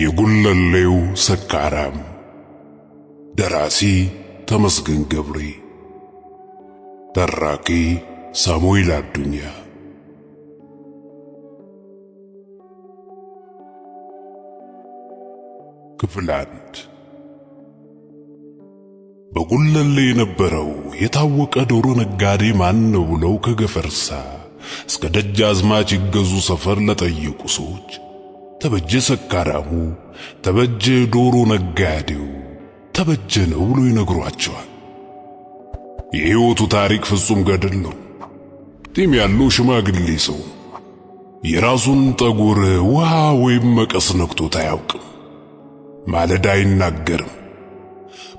የጉለሌው ሰካራም ደራሲ ተመስገን ገብሬ፣ ተራኪ ሳሙኤል አዱኛ። ክፍል አንድ። በጉለሌ የነበረው የታወቀ ዶሮ ነጋዴ ማን ነው ብለው ከገፈርሳ እስከ ደጃዝማች ይገዙ ሰፈር ለጠየቁ ሰዎች ተበጀ ሰካራሙ፣ ተበጀ ዶሮ ነጋዴው፣ ተበጀ ነው ብሎ ይነግሯቸዋል። የሕይወቱ ታሪክ ፍጹም ገድል ነው። ጢም ያለው ሽማግሌ ሰው የራሱን ጠጉር ውሃ ወይም መቀስ ነክቶት አያውቅም። ማለዳ አይናገርም።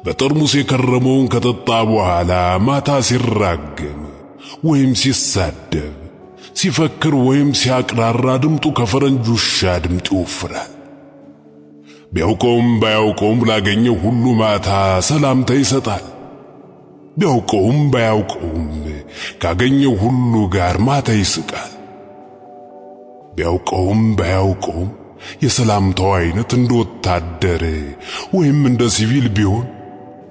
በጠርሙስ የከረመውን ከጠጣ በኋላ ማታ ሲራገም ወይም ሲሳደብ ሲፈክር ወይም ሲያቅራራ ድምጡ ከፈረንጅ ውሻ ድምጥ ይወፍራል። ቢያውቀውም ባያውቀውም ላገኘው ሁሉ ማታ ሰላምታ ይሰጣል። ቢያውቀውም ባያውቀውም ካገኘው ሁሉ ጋር ማታ ይስቃል። ቢያውቀውም ባያውቀውም የሰላምታው አይነት እንደ ወታደር ወይም እንደ ሲቪል ቢሆን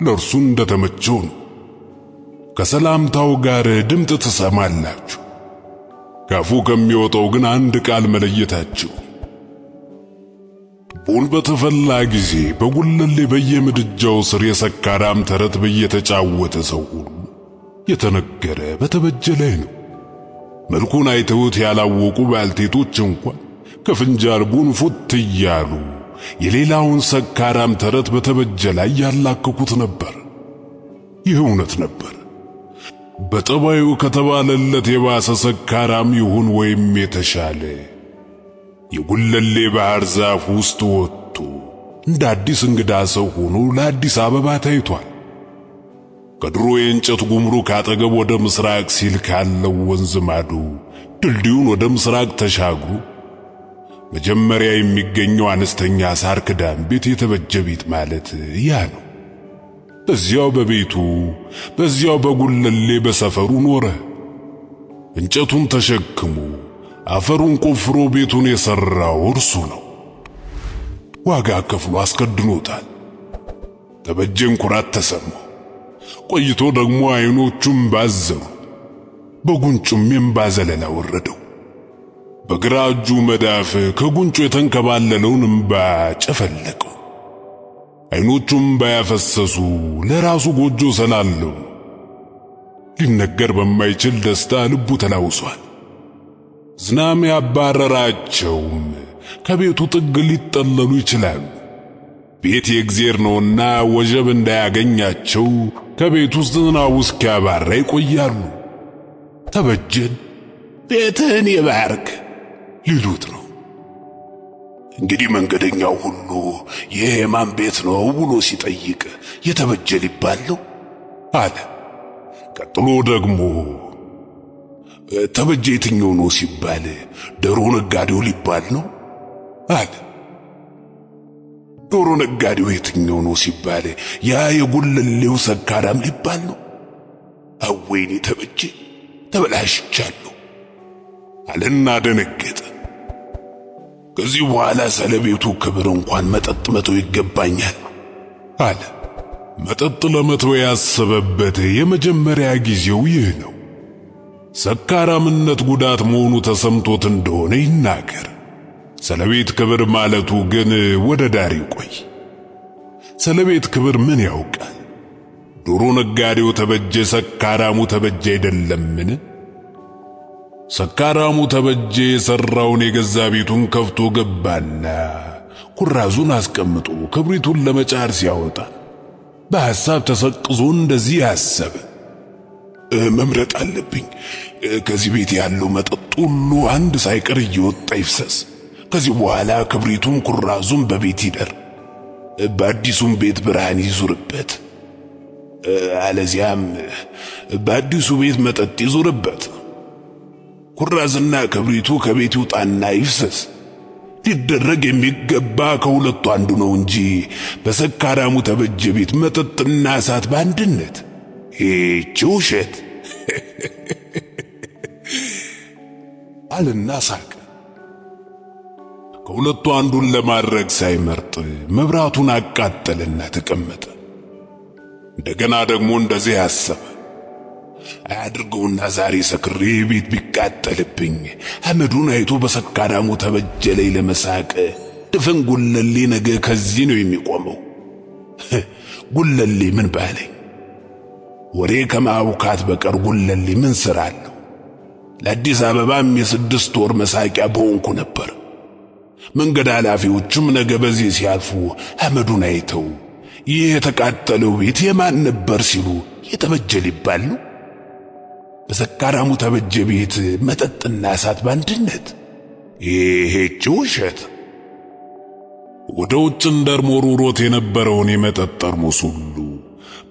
ለእርሱ እንደ ተመቸው ነው። ከሰላምታው ጋር ድምጥ ትሰማላችሁ። ከፉ ከሚወጣው ግን አንድ ቃል መለየታቸው። ቡን በተፈላ ጊዜ በጉለሌ በየምድጃው ስር የሰካራም ተረት በየተጫወተ ሰው ሁሉ የተነገረ በተበጀ ላይ ነው። መልኩን አይተውት ያላወቁ ባልቴቶች እንኳን ከፍንጃል ቡን ፉት እያሉ የሌላውን ሰካራም ተረት በተበጀ ላይ ያላከኩት ነበር። ይህ እውነት ነበር። በጠባዩ ከተባለለት የባሰ ሰካራም ይሁን ወይም የተሻለ የጉለሌ ባህር ዛፍ ውስጥ ወጥቶ እንደ አዲስ እንግዳ ሰው ሆኖ ለአዲስ አበባ ታይቷል። ከድሮ የእንጨት ጉምሩክ አጠገብ ወደ ምስራቅ ሲል ካለው ወንዝ ማዶ ድልድዩን ወደ ምስራቅ ተሻግሮ መጀመሪያ የሚገኘው አነስተኛ ሳር ክዳን ቤት የተበጀ ቤት ማለት ያ ነው። በዚያው በቤቱ በዚያው በጉለሌ በሰፈሩ ኖረ። እንጨቱን ተሸክሞ አፈሩን ቆፍሮ ቤቱን የሠራው እርሱ ነው። ዋጋ ከፍሎ አስከድኖታል። ተበጀን ኩራት ተሰማው። ቆይቶ ደግሞ አይኖቹም ባዘሩ፣ በጉንጩም የእምባ ዘለላ ወረደው። በግራ እጁ መዳፍ ከጉንጩ የተንከባለለውን እምባ ጨፈለቀው። ዐይኖቹም ባያፈሰሱ ለራሱ ጎጆ ሰናለው። ሊነገር በማይችል ደስታ ልቡ ተላውሷል። ዝናም ያባረራቸውም ከቤቱ ጥግ ሊጠለሉ ይችላሉ። ቤት የእግዜር ነውና ወጀብ እንዳያገኛቸው ከቤቱ ዝናቡ እስኪያባራ ይቆያሉ። ተበጀን፣ ቤትህን ይባርክ ሊሉት ነው። እንግዲህ መንገደኛው ሁሉ ይህ የማን ቤት ነው ብሎ ሲጠይቅ የተበጀ ሊባል ነው አለ። ቀጥሎ ደግሞ ተበጀ የትኛው ነው ሲባል ዶሮ ነጋዴው ሊባል ነው አለ። ዶሮ ነጋዴው የትኛው ነው ሲባል ያ የጉልሌው ሰካራም ሊባል ነው። አወይኔ ተበጀ ተበላሽቻለሁ አለና ደነገጠ። ከዚህ በኋላ ሰለቤቱ ክብር እንኳን መጠጥ መተው ይገባኛል አለ። መጠጥ ለመተው ያሰበበት የመጀመሪያ ጊዜው ይህ ነው። ሰካራምነት ጉዳት መሆኑ ተሰምቶት እንደሆነ ይናገር። ሰለቤት ክብር ማለቱ ግን ወደ ዳር ይቆይ። ሰለቤት ክብር ምን ያውቃል? ዶሮ ነጋዴው ተበጀ፣ ሰካራሙ ተበጀ አይደለምን? ሰካራሙ ተበጀ የሠራውን የገዛ ቤቱን ከፍቶ ገባና ኩራዙን አስቀምጦ ክብሪቱን ለመጫር ሲያወጣ በሐሳብ ተሰቅዞ እንደዚህ አሰበ። መምረጥ አለብኝ። ከዚህ ቤት ያለው መጠጥ ሁሉ አንድ ሳይቀር እየወጣ ይፍሰስ። ከዚህ በኋላ ክብሪቱም ኩራዙም በቤት ይደር፣ በአዲሱም ቤት ብርሃን ይዙርበት። አለዚያም በአዲሱ ቤት መጠጥ ይዙርበት። ኩራዝና ክብሪቱ ከቤት ይውጣና ይፍሰስ። ሊደረግ የሚገባ ከሁለቱ አንዱ ነው እንጂ በሰካራሙ ተበጀ ቤት መጠጥና እሳት በአንድነት ይቺ ውሸት አልና ሳቅ። ከሁለቱ አንዱን ለማድረግ ሳይመርጥ መብራቱን አቃጠለና ተቀመጠ። እንደገና ደግሞ እንደዚህ አሰበ፣ አያድርገውና ዛሬ ሰክሬ ቤት አቃጠልብኝ። አመዱን አይቶ በሰካራሙ ላይ ለመሳቅ ድፍን ጉለሌ ነገ ከዚህ ነው የሚቆመው። ጉለሌ ምን ባለኝ ወሬ ከማቡካት በቀር ጉለሌ ምን ሥራ አለው? ለአዲስ አበባም የስድስት ወር መሳቂያ በሆንኩ ነበር። መንገድ ኃላፊዎቹም ነገ በዚህ ሲያልፉ አመዱን አይተው ይህ የተቃጠለው ቤት የማን ነበር ሲሉ የተበጀ ሊባል ነው። በሰካራሙ ተበጀ ቤት መጠጥና እሳት በአንድነት ይሄች ውሸት ወደ ውጭ ሞሩሮት የነበረውን የመጠጥ ጠርሙስ ሁሉ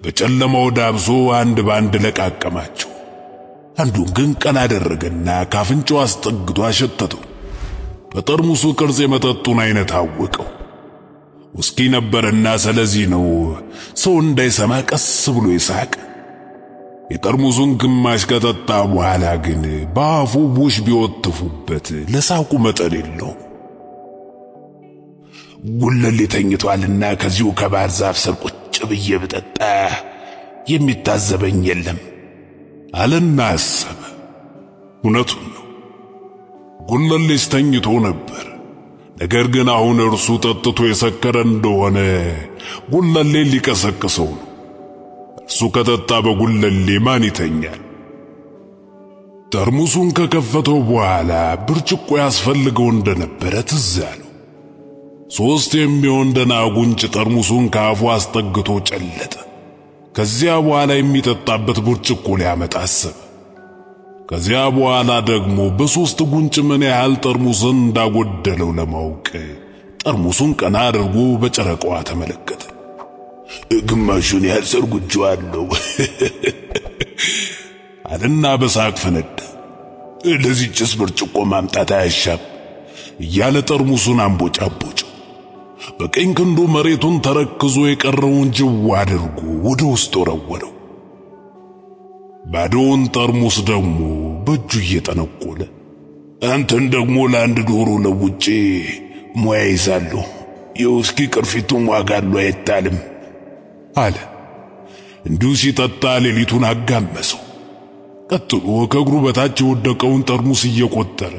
በጨለማው ዳብሶ አንድ በአንድ ለቃቀማቸው። አንዱን ግን ቀና አደረገና ካፍንጫው አስጠግቶ አሸተተው። በጠርሙሱ ቅርጽ የመጠጡን አይነት አወቀው። ውስኪ ነበርና፣ ስለዚህ ነው ሰው እንዳይሰማ ቀስ ብሎ ይሳቅ። የጠርሙዙን ግማሽ ከጠጣ በኋላ ግን በአፉ ቡሽ ቢወትፉበት ለሳቁ መጠን የለው። ጉለሌ ተኝቷልና ከዚሁ ከባህር ዛፍ ስር ቁጭ ብዬ ብጠጣ የሚታዘበኝ የለም አለና አሰበ። እውነቱን ነው። ጉለሌስ ተኝቶ ነበር። ነገር ግን አሁን እርሱ ጠጥቶ የሰከረ እንደሆነ ጉለሌ ሊቀሰቅሰው ነው። እሱ ከጠጣ በጉለሌ ማን ይተኛል? ጠርሙሱን ከከፈተው በኋላ ብርጭቆ ያስፈልገው እንደነበረ ትዝ አለው። ሦስት የሚሆን ደና ጉንጭ ጠርሙሱን ከአፉ አስጠግቶ ጨለጠ። ከዚያ በኋላ የሚጠጣበት ብርጭቆ ሊያመጣ አሰበ። ከዚያ በኋላ ደግሞ በሦስት ጉንጭ ምን ያህል ጠርሙስን እንዳጎደለው ለማወቅ ጠርሙሱን ቀና አድርጎ በጨረቃዋ ተመለከተ። ግማሹን ያህል ሰርጉጄዋለሁ አለና በሳቅ ፈነዳ። ለዚህ ጭስ ብርጭቆ ማምጣት አያሻም እያለ ጠርሙሱን አንቦጫቦጭ በቀኝ ክንዱ መሬቱን ተረክዞ የቀረውን ጅው አድርጎ ወደ ውስጥ ወረወረው። ባዶውን ጠርሙስ ደግሞ በእጁ እየጠነቆለ አንተን ደግሞ ለአንድ ዶሮ ለውጬ ሙያ ይዛለሁ። የውስኪ ቅርፊቱን ዋጋሉ አይታልም። አለ። እንዲሁ ሲጠጣ ሌሊቱን አጋመሰው። ቀጥሎ ከእግሩ በታች የወደቀውን ጠርሙስ እየቆጠረ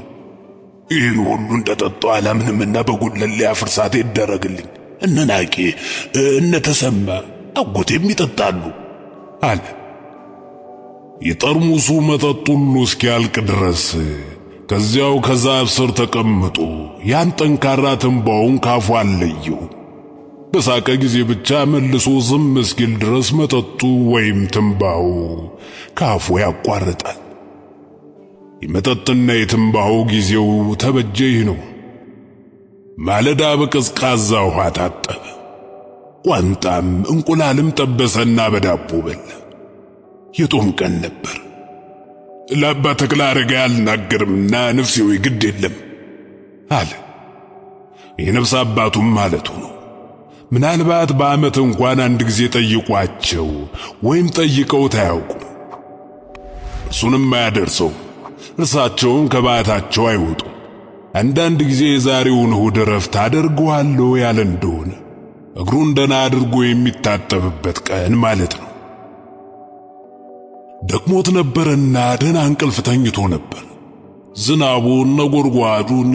ይህን ሁሉ እንደጠጣ አላምንምና በጎለሌ ፍርሳቴ ይደረግልኝ፣ እነ ናቄ እነ ተሰማ አጎቴም ይጠጣሉ አለ። የጠርሙሱ መጠጥ ሁሉ እስኪያልቅ ድረስ ከዚያው ከዛፍ ስር ተቀምጦ ያን ጠንካራ ትንባውን ካፉ አለየው። በሳቀ ጊዜ ብቻ መልሶ ዝም እስኪል ድረስ መጠጡ ወይም ትንባሁ ካፉ ያቋርጣል። የመጠጥና የትንባሁ ጊዜው ይህ ነው። ማለዳ በቀዝቃዛ ውሃ ታጠበ፣ ቋንጣም እንቁላልም ጠበሰና በዳቦ በላ። የጦም ቀን ነበር። ለአባ ተክለ አረጋ አልናገርምና ነፍሴዊ ግድ የለም አለ። የነፍስ አባቱም ማለቱ ነው። ምናልባት በዓመት እንኳን አንድ ጊዜ ጠይቋቸው ወይም ጠይቀውት አያውቁ። እሱንም አያደርሰው። እርሳቸውም ከባዕታቸው አይወጡ። አንዳንድ ጊዜ የዛሬውን እሁድ እረፍት አደርገዋለሁ ያለ እንደሆነ እግሩን ደና አድርጎ የሚታጠብበት ቀን ማለት ነው። ደክሞት ነበርና ደና እንቅልፍ ተኝቶ ነበር። ዝናቡን፣ ነጎድጓዱን፣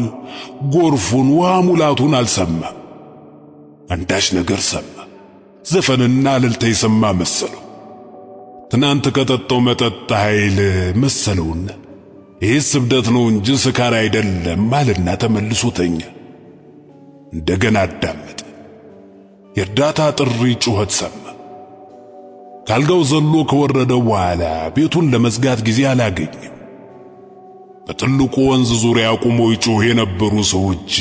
ጎርፉን፣ ውሃ ሙላቱን አልሰማም። አንዳች ነገር ሰማ። ዘፈንና እልልታ የሰማ መሰለው። ትናንት ከጠጣው መጠጥ ኃይል መሰለውና ይህ ስብደት ነው እንጂ ስካር አይደለም ማልና ተመልሶ ተኛ። እንደገና አዳመጠ። የእርዳታ ጥሪ ጩኸት ሰማ። ካልጋው ዘሎ ከወረደ በኋላ ቤቱን ለመዝጋት ጊዜ አላገኘም። በትልቁ ወንዝ ዙሪያ ቆሞ ይጮህ የነበሩ ሰዎች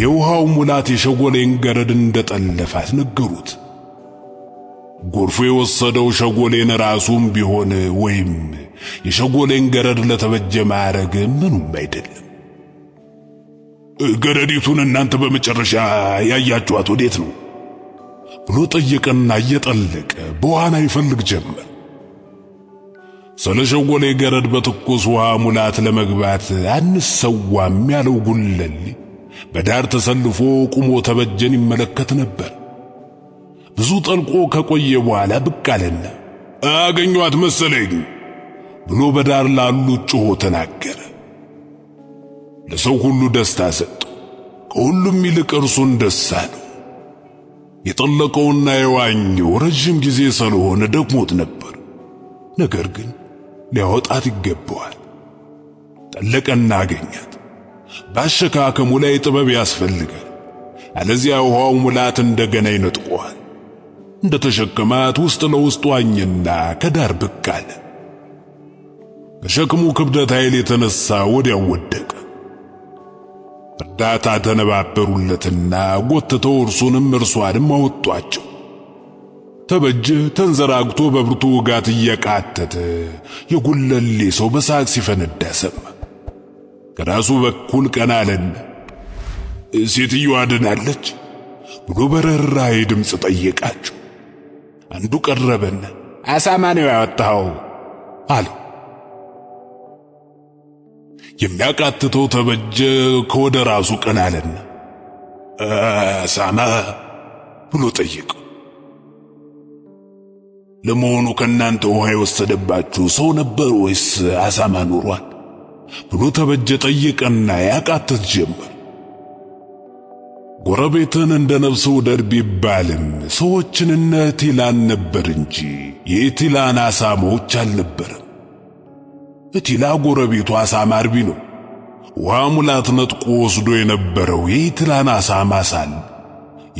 የውሃው ሙላት የሸጎሌን ገረድ እንደጠለፋት ነገሩት። ጎርፉ የወሰደው ሸጎሌን ራሱም ቢሆን ወይም የሸጎሌን ገረድ ለተበጀ ማዕረግ ምኑም አይደለም። ገረዲቱን እናንተ በመጨረሻ ያያችኋት ወዴት ነው ብሎ ጠየቀና እየጠለቀ በኋላ ይፈልግ ጀመር። ሰነሸጎሌ ገረድ በትኩስ ውሃ ሙላት ለመግባት አንሰዋም ያለው ጉለሌ በዳር ተሰልፎ ቁሞ ተበጀን ይመለከት ነበር። ብዙ ጠልቆ ከቆየ በኋላ ብቅ አለና አገኟት መሰለኝ ብሎ በዳር ላሉ ጮሆ ተናገረ። ለሰው ሁሉ ደስታ ሰጠው። ከሁሉም ይልቅ እርሱን ደስ አለው። የጠለቀውና የዋኘው ረዥም ጊዜ ስለሆነ ደክሞት ነበር። ነገር ግን ሊያወጣት ይገባዋል። ጠለቀና አገኛት። በአሸካከሙ ላይ ጥበብ ያስፈልጋል። አለዚያ ውሃው ሙላት እንደገና ይነጥቋል። እንደ ተሸከማት ውስጥ ለውስጥ ዋኝና ከዳር ብቅ አለ። ከሸክሙ ክብደት ኃይል የተነሳ ወዲያው ወደቀ። እርዳታ ተነባበሩለትና ጎትተው እርሱንም እርሷንም አወጧቸው። ተበጀ ተንዘራግቶ በብርቱ ውጋት እየቃተተ የጉለሌ ሰው በሳቅ ሲፈነዳ ሰማ። ከራሱ በኩል ቀና አለን። ሴትዮዋ ድናለች ብሎ በርኅራኄ ድምፅ ጠየቃቸው። አንዱ ቀረበን። አሳማ ነው ያወጣኸው አለው። የሚያቃትተው ተበጀ ከወደ ራሱ ቀና አለን። አሳማ ብሎ ጠየቀው። ለመሆኑ ከእናንተ ውሃ የወሰደባችሁ ሰው ነበር ወይስ አሳማ ኖሯል? ብሎ ተበጀ ጠየቀና ያቃተት ጀመር። ጎረቤትን እንደ ነፍስ ውደድ ቢባልም ሰዎችን እነ ቲላን ነበር እንጂ የቲላን አሳማዎች አልነበረም። እቲላ ጎረቤቱ አሳማ አርቢ ነው። ውሃ ሙላት ነጥቆ ወስዶ የነበረው የኢትላን አሳማ ሳል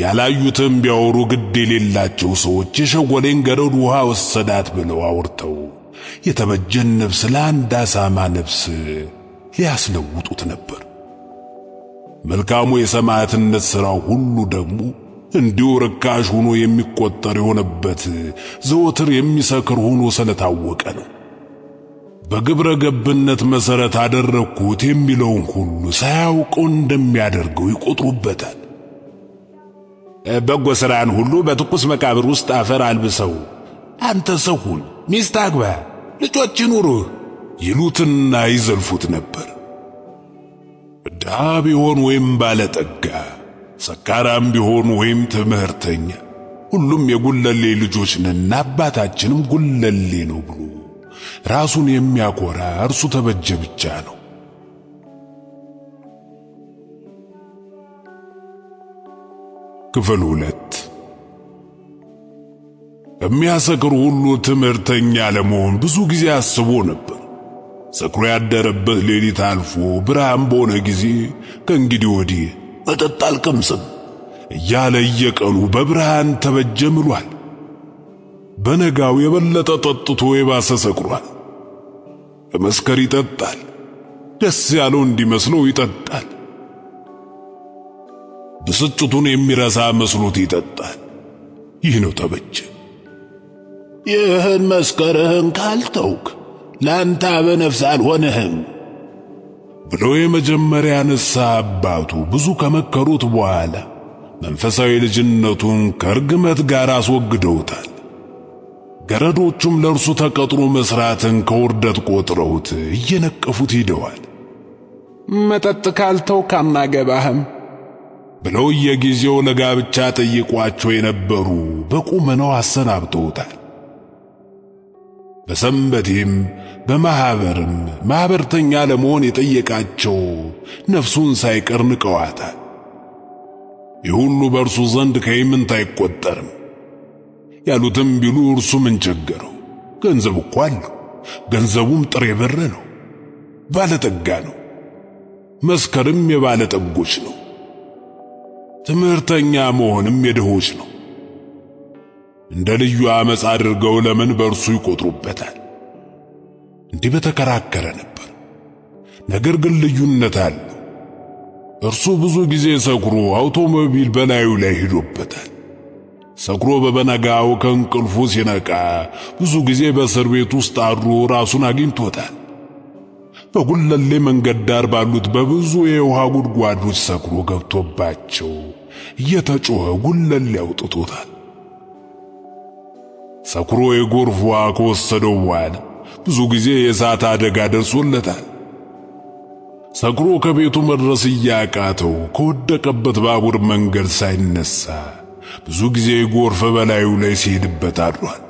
ያላዩትም ቢያወሩ ግድ የሌላቸው ሰዎች የሸጎሌን ገረድ ውሃ ወሰዳት ብለው አውርተው የተበጀን ነፍስ ለአንድ አሳማ ነፍስ ሊያስለውጡት ነበር። መልካሙ የሰማዕትነት ሥራው ሁሉ ደግሞ እንዲሁ ርካሽ ሆኖ የሚቆጠር የሆነበት ዘወትር የሚሰክር ሆኖ ስለታወቀ ነው። በግብረ ገብነት መሠረት አደረግኩት የሚለውን ሁሉ ሳያውቀው እንደሚያደርገው ይቆጥሩበታል። በጎ ሥራን ሁሉ በትኩስ መቃብር ውስጥ አፈር አልብሰው። አንተ ሰው ሁን፣ ሚስት አግባ፣ ልጆች ይኑሩህ ይሉትና ይዘልፉት ነበር። ድሃ ቢሆን ወይም ባለጠጋ፣ ሰካራም ቢሆን ወይም ትምህርተኛ፣ ሁሉም የጉለሌ ልጆች ነና አባታችንም ጉለሌ ነው ብሎ ራሱን የሚያኮራ እርሱ ተበጀ ብቻ ነው። ክፍል ሁለት የሚያሰክር ሁሉ ትምህርተኛ ለመሆን ብዙ ጊዜ አስቦ ነበር። ሰክሮ ያደረበት ሌሊት አልፎ ብርሃን በሆነ ጊዜ ከእንግዲህ ወዲህ መጠጥ አልቀምስም እያለ እየቀኑ በብርሃን ተበጀ ምሏል። በነጋው የበለጠ ጠጥቶ የባሰ ሰክሯል። በመስከር ይጠጣል። ደስ ያለው እንዲመስለው ይጠጣል። ብስጭቱን የሚረሳ መስሎት ይጠጣል። ይህ ነው ተበጀ። ይህን መስከርህን ካልተውክ ላንታ በነፍስ አልሆነህም ብሎ የመጀመሪያ ንሳ አባቱ ብዙ ከመከሩት በኋላ መንፈሳዊ ልጅነቱን ከርግመት ጋር አስወግደውታል። ገረዶቹም ለእርሱ ተቀጥሮ መሥራትን ከውርደት ቆጥረውት እየነቀፉት ሂደዋል። መጠጥ ካልተውክ አናገባህም ብለው የጊዜው ለጋብቻ ጠይቋቸው የነበሩ በቁመናው አሰናብተውታል። በሰንበቴም በማኅበርም ማኅበርተኛ ለመሆን የጠየቃቸው ነፍሱን ሳይቀር ንቀዋታል። ይህ ሁሉ በእርሱ ዘንድ ከይምንት አይቈጠርም ያሉትም ቢሉ እርሱ ምን ቸገረው? ገንዘብ እኮ አለው። ገንዘቡም ጥሬ ብር ነው። ባለጠጋ ነው። መስከርም የባለጠጎች ነው። ትምህርተኛ መሆንም የድሆች ነው። እንደ ልዩ ዓመፅ አድርገው ለምን በእርሱ ይቆጥሩበታል? እንዲህ በተከራከረ ነበር። ነገር ግን ልዩነት አለው። እርሱ ብዙ ጊዜ ሰክሮ አውቶሞቢል በላዩ ላይ ሂዶበታል። ሰክሮ በበነጋው ከእንቅልፉ ሲነቃ ብዙ ጊዜ በእስር ቤት ውስጥ አድሮ ራሱን አግኝቶታል። በጉለሌ መንገድ ዳር ባሉት በብዙ የውሃ ጉድጓዶች ሰክሮ ገብቶባቸው እየተጮኸ ጉለሌ አውጥቶታል። ሰክሮ የጎርፍ ውሃ ከወሰደው በኋላ ብዙ ጊዜ የእሳት አደጋ ደርሶለታል። ሰክሮ ከቤቱ መድረስ እያቃተው ከወደቀበት ባቡር መንገድ ሳይነሳ ብዙ ጊዜ ጎርፍ በላዩ ላይ ሲሄድበት አድሯል።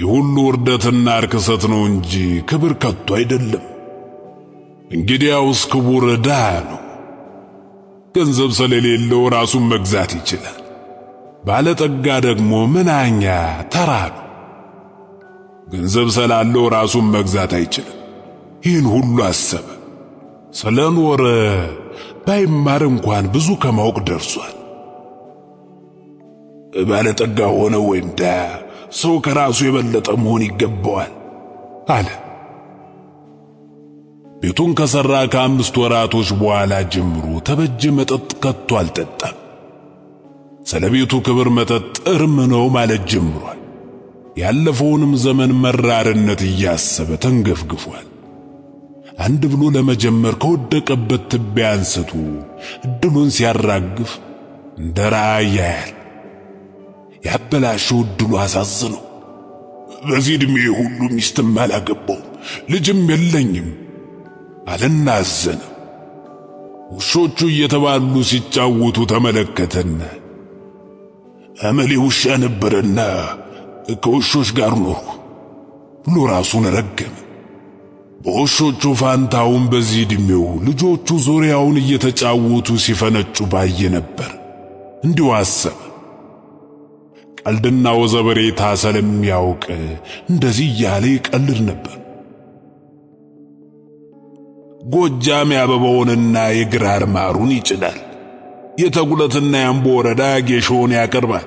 የሁሉ ውርደትና ርክሰት ነው እንጂ ክብር ከቶ አይደለም። እንግዲያውስ ክቡር ድሃ ነው። ገንዘብ ስለሌለው ራሱን መግዛት ይችላል። ባለጠጋ ደግሞ ምናኛ ተራ ነው። ገንዘብ ስላለው ራሱን መግዛት አይችልም። ይህን ሁሉ አሰበ። ስለኖረ ባይማር እንኳን ብዙ ከማወቅ ደርሷል። ባለጠጋ ሆነ ወይም ድሃ ሰው ከራሱ የበለጠ መሆን ይገባዋል አለ። ቤቱን ከሰራ ከአምስት ወራቶች በኋላ ጀምሮ ተበጀ መጠጥ ከቶ አልጠጣም። ስለ ቤቱ ክብር መጠጥ እርም ነው ማለት ጀምሯል። ያለፈውንም ዘመን መራርነት እያሰበ ተንገፍግፏል። አንድ ብሎ ለመጀመር ከወደቀበት ትቢያ አንስቶ እድሉን ሲያራግፍ እንደ ራእይ ያያል። ያበላሸው ዕድሉ አሳዝነው። በዚህ ዕድሜ ሁሉ ሚስትም አላገባውም ልጅም የለኝም አለና አዘነ። ውሾቹ እየተባሉ ሲጫወቱ ተመለከተን። አመሌ ውሻ ነበረና ከውሾች ጋር ኖርኩ ብሎ ራሱን ረገመ። በውሾቹ ፋንታውን በዚህ ዕድሜው ልጆቹ ዙሪያውን እየተጫወቱ ሲፈነጩ ባየ ነበር። እንዲሁ አሰበ። ቀልድና ወዘበሬታ ያውቅ እንደዚህ እያለ ይቀልድ ነበር። ጎጃም ያበባውንና የግራር ማሩን ይጭዳል። የተጉለትና የአምቦ ወረዳ ጌሾውን ያቀርባል።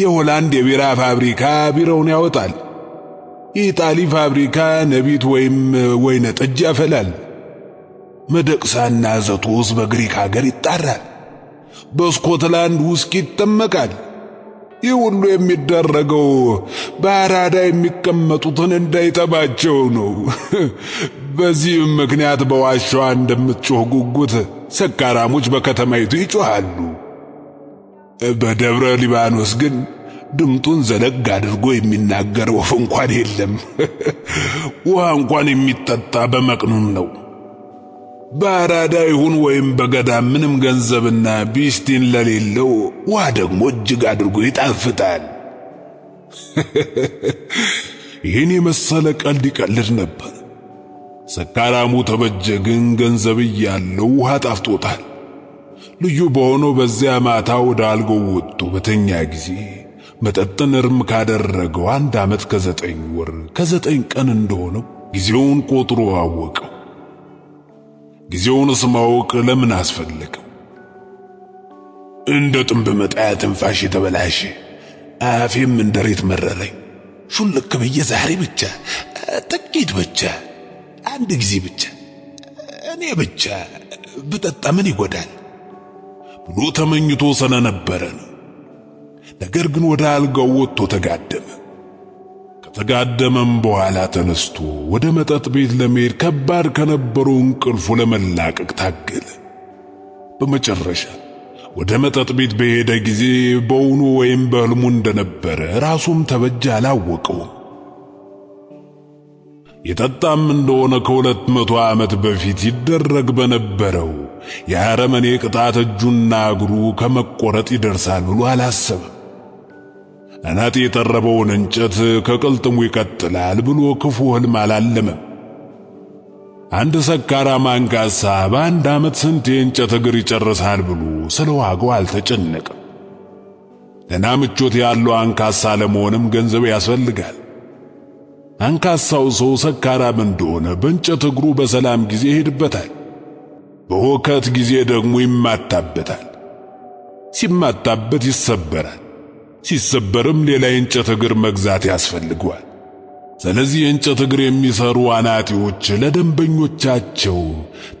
የሆላንድ የቢራ ፋብሪካ ቢራውን ያወጣል። የኢጣሊ ፋብሪካ ነቢት ወይም ወይነ ጠጅ ያፈላል። መደቅሳና ዘቶስ በግሪክ ሀገር ይጣራል። በስኮትላንድ ውስኪ ይጠመቃል። ይህ ሁሉ የሚደረገው በአራዳ የሚቀመጡትን እንዳይጠባቸው ነው። በዚህም ምክንያት በዋሻዋ እንደምትጮህ ጉጉት ሰካራሞች በከተማይቱ ይጮሃሉ። በደብረ ሊባኖስ ግን ድምጡን ዘለግ አድርጎ የሚናገር ወፍ እንኳን የለም። ውሃ እንኳን የሚጠጣ በመቅኑን ነው። በአራዳ ይሁን ወይም በገዳ ምንም ገንዘብና ቢስቲን ለሌለው ውሃ ደግሞ እጅግ አድርጎ ይጣፍጣል። ይህን የመሰለ ቀልድ ይቀልድ ነበር። ሰካራሙ ተበጀ ግን ገንዘብ እያለው ውሃ ጣፍጦታል። ልዩ በሆነው በዚያ ማታ ወደ አልጋው ወጥቶ በተኛ ጊዜ መጠጥን እርም ካደረገው አንድ ዓመት ከዘጠኝ ወር ከዘጠኝ ቀን እንደሆነው ጊዜውን ቆጥሮ አወቀው። ጊዜውንስ ማወቅ ለምን አስፈለገው? እንደ ጥንብ መጣያ ትንፋሽ የተበላሸ አፌም እንደ መረረኝ። ሹልክ ብዬ ዛሬ ብቻ ጥቂት ብቻ አንድ ጊዜ ብቻ እኔ ብቻ ብጠጣ ምን ይጎዳል ብሎ ተመኝቶ ስለነበረ ነው። ነገር ግን ወደ አልጋው ወጥቶ ተጋደመ። ተጋደመም በኋላ ተነስቶ ወደ መጠጥ ቤት ለመሄድ ከባድ ከነበረው እንቅልፉ ለመላቀቅ ታገለ። በመጨረሻ ወደ መጠጥ ቤት በሄደ ጊዜ በውኑ ወይም በሕልሙ እንደነበረ ራሱም ተበጀ አላወቀውም። የጠጣም እንደሆነ ከሁለት መቶ ዓመት በፊት ይደረግ በነበረው የአረመኔ ቅጣት እጁና እግሩ ከመቆረጥ ይደርሳል ብሎ አላሰበም። አናጢ የጠረበውን እንጨት ከቅልጥሙ ይቀጥላል ብሎ ክፉ ሕልም አላለመም። አንድ ሰካራም አንካሳ በአንድ ዓመት ስንት የእንጨት እግር ይጨርሳል ብሎ ስለ ዋጋው አልተጨነቀም። ደህና ምቾት ያለው አንካሳ ለመሆንም ገንዘብ ያስፈልጋል። አንካሳው ሰው ሰካራም እንደሆነ በእንጨት እግሩ በሰላም ጊዜ ይሄድበታል፣ በሁከት ጊዜ ደግሞ ይማታበታል። ሲማታበት ይሰበራል። ሲሰበርም ሌላ የእንጨት እግር መግዛት ያስፈልገዋል። ስለዚህ የእንጨት እግር የሚሰሩ አናጢዎች ለደንበኞቻቸው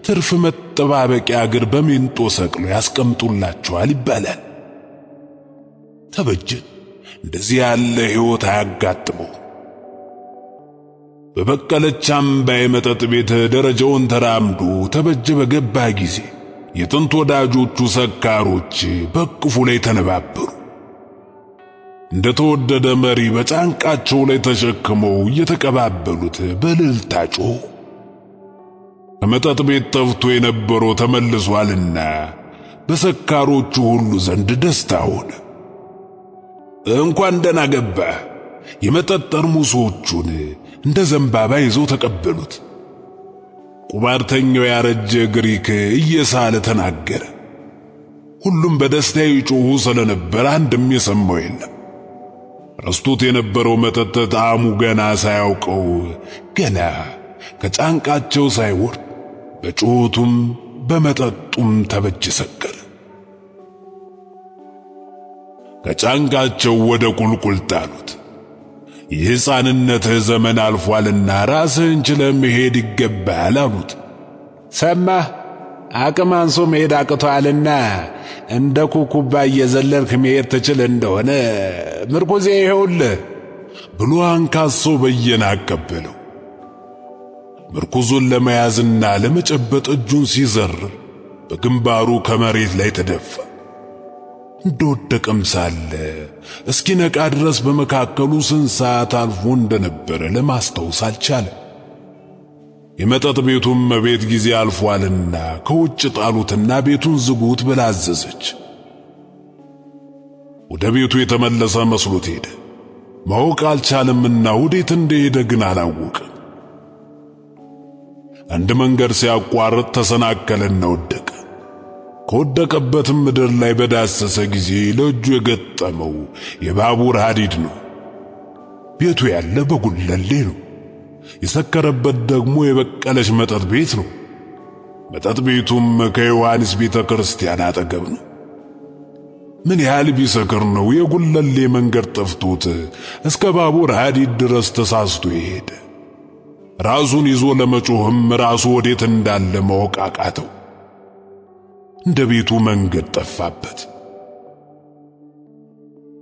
ትርፍ መጠባበቂያ እግር በሜንጦ ሰቅሎ ያስቀምጡላቸዋል ይባላል። ተበጀን እንደዚህ ያለ ሕይወት አያጋጥመው። በበቀለች አምባ ቤት ደረጃውን ተራምዶ ተበጀ በገባ ጊዜ የጥንት ወዳጆቹ ሰካሮች በቅፉ ላይ ተነባበሩ። እንደተወደደ መሪ በጫንቃቸው ላይ ተሸክመው እየተቀባበሉት በልልታ ጮኹ። ከመጠጥ ቤት ጠፍቶ የነበረው ተመልሷልና በሰካሮቹ ሁሉ ዘንድ ደስታ ሆነ። እንኳን ደህና ገባህ! የመጠጥ ጠርሙሶቹን እንደ ዘንባባ ይዘው ተቀበሉት። ቁማርተኛው ያረጀ ግሪክ እየሳለ ተናገረ። ሁሉም በደስታ ይጮኹ ስለነበር አንድም የሰማው የለም። ረስቶት የነበረው መጠጥ ጣዕሙ ገና ሳያውቀው ገና ከጫንቃቸው ሳይወርድ በጩኸቱም በመጠጡም ተበጅ ሰከረ። ከጫንቃቸው ወደ ቁልቁል አሉት። የሕፃንነትህ ዘመን አልፏልና ራስህን ችለህ መሄድ ይገባሃል አሉት። ሰማህ፣ አቅም አንሶ መሄድ አቅቷልና። እንደ ኩኩባ እየዘለልክ መሄድ ትችል እንደሆነ ምርኩዜ ይኸውልህ ብሎ አንካሶ በየነ አቀበለው። ምርኩዙን ለመያዝና ለመጨበጥ እጁን ሲዘር በግንባሩ ከመሬት ላይ ተደፋ። እንደወደቀም ሳለ እስኪነቃ ድረስ በመካከሉ ስንት ሰዓት አልፎ እንደነበረ ለማስታወስ አልቻለም። የመጠጥ ቤቱም ቤት ጊዜ አልፏልና ከውጭ ጣሉትና ቤቱን ዝጉት ብላ አዘዘች። ወደ ቤቱ የተመለሰ መስሎት ሄደ። ማወቅ አልቻለምና ወዴት እንደሄደ ግን አላወቅም። አንድ መንገድ ሲያቋርጥ ተሰናከለና ወደቀ። ከወደቀበትም ምድር ላይ በዳሰሰ ጊዜ ለእጁ የገጠመው የባቡር ሐዲድ ነው። ቤቱ ያለ በጉለሌ ነው። የሰከረበት ደግሞ የበቀለች መጠጥ ቤት ነው። መጠጥ ቤቱም ከዮሐንስ ቤተ ክርስቲያን አጠገብ ነው። ምን ያህል ቢሰክር ነው የጉለሌ መንገድ ጠፍቶት እስከ ባቡር ሐዲድ ድረስ ተሳስቶ ይሄድ። ራሱን ይዞ ለመጮህም ራሱ ወዴት እንዳለ ማወቅ አቃተው። እንደ ቤቱ መንገድ ጠፋበት።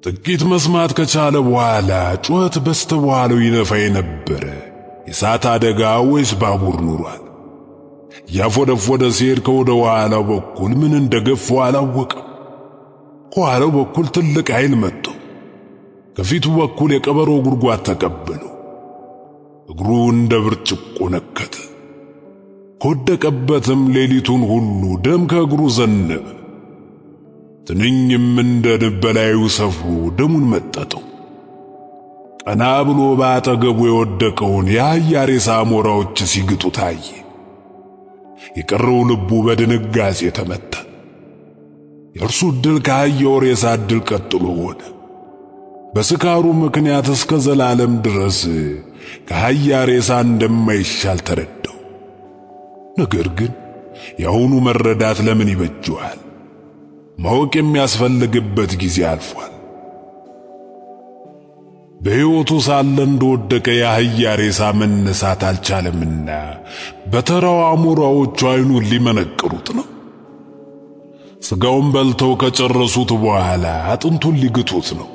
ጥቂት መስማት ከቻለ በኋላ ጩኸት በስተበኋላው ይነፋ የነበረ የእሳት አደጋ ወይስ ባቡር ኑሯል? ያፎደፎደ ሲሄድ ከወደ ኋላው በኩል ምን እንደገፋው አላወቀም። ከኋላው በኩል ትልቅ ኃይል መጥቶ ከፊቱ በኩል የቀበሮ ጉድጓድ ተቀበሉ። እግሩ እንደ ብርጭቆ ነከተ። ከወደቀበትም ሌሊቱን ሁሉ ደም ከእግሩ ዘነበ። ትንኝም እንደ ንብ በላዩ ሰፍሮ ደሙን መጠጠው። ቀና ብሎ በአጠገቡ የወደቀውን የአህያ ሬሳ አሞራዎች ሲግጡ ታየ። የቀረው ልቡ በድንጋጼ ተመታ። የእርሱ ዕድል ከአህያው ሬሳ ዕድል ቀጥሎ ሆነ። በስካሩ ምክንያት እስከ ዘላለም ድረስ ከአህያ ሬሳ እንደማይሻል ተረዳው። ነገር ግን የአሁኑ መረዳት ለምን ይበጀዋል? ማወቅ የሚያስፈልግበት ጊዜ አልፏል። በሕይወቱ ሳለ እንደወደቀ የአህያ ሬሳ መነሳት አልቻለምና በተራው አሞራዎቹ ዐይኑን ሊመነቅሩት ነው። ሥጋውን በልተው ከጨረሱት በኋላ አጥንቱን ሊግቱት ነው።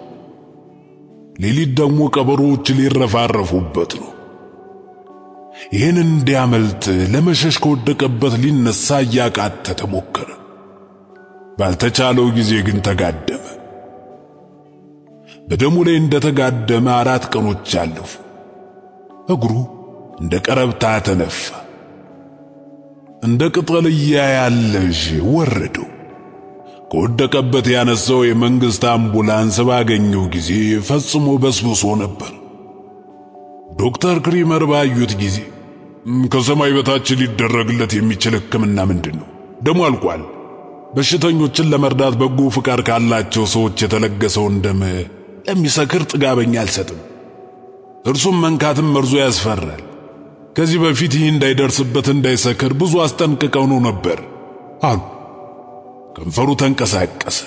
ሌሊት ደግሞ ቀበሮዎች ሊረፋረፉበት ነው። ይህን እንዲያመልጥ ለመሸሽ ከወደቀበት ሊነሳ እያቃተተ ሞከረ። ባልተቻለው ጊዜ ግን ተጋደመ። በደሙ ላይ እንደተጋደመ አራት ቀኖች አለፉ። እግሩ እንደ ቀረብታ ተነፋ፣ እንደ ቅጠል ያለሽ ወረደው። ከወደቀበት ያነሳው የመንግሥት አምቡላንስ ባገኘው ጊዜ ፈጽሞ በስብሶ ነበር። ዶክተር ክሪመር ባዩት ጊዜ ከሰማይ በታች ሊደረግለት የሚችል ሕክምና ምንድን ነው? ደሙ አልቋል። በሽተኞችን ለመርዳት በጎ ፍቃድ ካላቸው ሰዎች የተለገሰውን ደም ለሚሰክር ጥጋበኛ አልሰጥም። እርሱም መንካትም መርዞ ያስፈራል። ከዚህ በፊት ይህ እንዳይደርስበት እንዳይሰክር ብዙ አስጠንቅቀው ነው ነበር አሉ። ከንፈሩ ተንቀሳቀሰ፣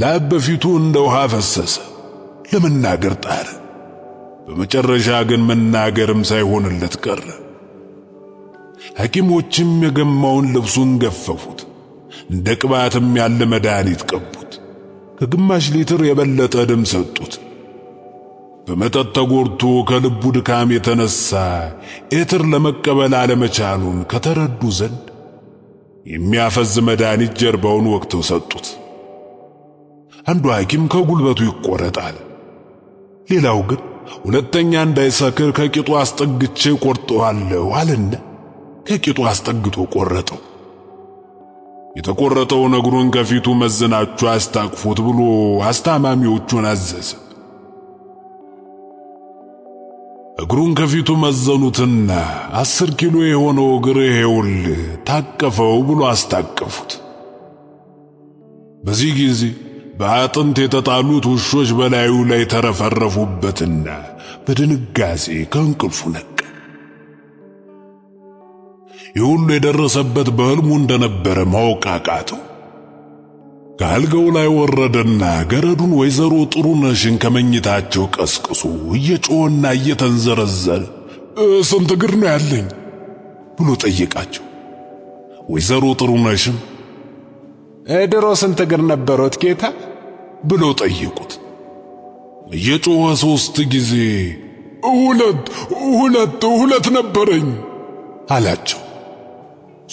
ላብ በፊቱ እንደ ውሃ ፈሰሰ። ለመናገር ጣረ። በመጨረሻ ግን መናገርም ሳይሆንለት ቀረ። ሐኪሞችም የገማውን ልብሱን ገፈፉት፣ እንደ ቅባትም ያለ መድኃኒት ቀቡ። ከግማሽ ሊትር የበለጠ ደም ሰጡት። በመጠጥ ተጎድቶ ከልቡ ድካም የተነሳ ኤትር ለመቀበል አለመቻሉን ከተረዱ ዘንድ የሚያፈዝ መድኃኒት ጀርባውን ወቅተው ሰጡት። አንዱ ሐኪም ከጉልበቱ ይቆረጣል፣ ሌላው ግን ሁለተኛ እንዳይሰክር ከቂጡ አስጠግቼ ቆርጠዋለሁ አለና ከቂጡ አስጠግቶ ቆረጠው። የተቆረጠውን እግሩን ከፊቱ መዝናችሁ አስታቅፉት ብሎ አስታማሚዎቹን አዘዘ። እግሩን ከፊቱ መዘኑትና አስር ኪሎ የሆነው እግር ይሄውል ታቀፈው ብሎ አስታቀፉት። በዚህ ጊዜ በአጥንት የተጣሉት ውሾች በላዩ ላይ ተረፈረፉበትና በድንጋጼ ከእንቅልፉ ነቃ። ይህ ሁሉ የደረሰበት በሕልሙ እንደነበረ ማወቅ አቃተው። ከአልጋው ላይ ወረደና ገረዱን ወይዘሮ ጥሩነሽን ከመኝታቸው ቀስቅሱ እየጮኸና እየተንዘረዘረ ስንት እግር ነው ያለኝ ብሎ ጠየቃቸው። ወይዘሮ ጥሩነሽም ድሮ ስንት እግር ነበሮት ጌታ ብሎ ጠየቁት። እየጮኸ ሦስት ጊዜ ሁለት ሁለት ሁለት ነበረኝ አላቸው።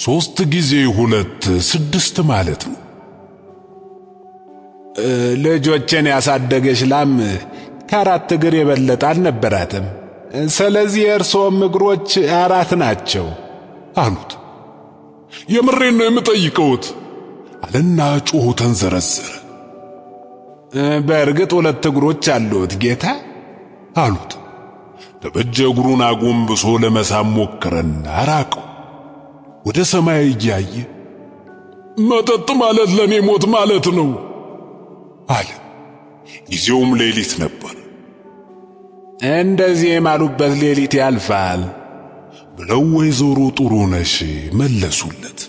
ሶስት ጊዜ ሁለት ስድስት ማለት ነው። ልጆችን ያሳደገች ላም ከአራት እግር የበለጠ አልነበራትም። ስለዚህ የእርስዎም እግሮች አራት ናቸው አሉት። የምሬን ነው የምጠይቀውት አለና ጮሁ ተንዘረዘረ። በእርግጥ ሁለት እግሮች አለዎት ጌታ አሉት። ደበጀ እግሩን አጎንብሶ ለመሳም ሞከረና ራቀው። ወደ ሰማይ እያየ መጠጥ ማለት ለኔ ሞት ማለት ነው አለ። ጊዜውም ሌሊት ነበር። እንደዚህ የማሉበት ሌሊት ያልፋል ብለው ወይዘሮ ጥሩነሽ መለሱለት።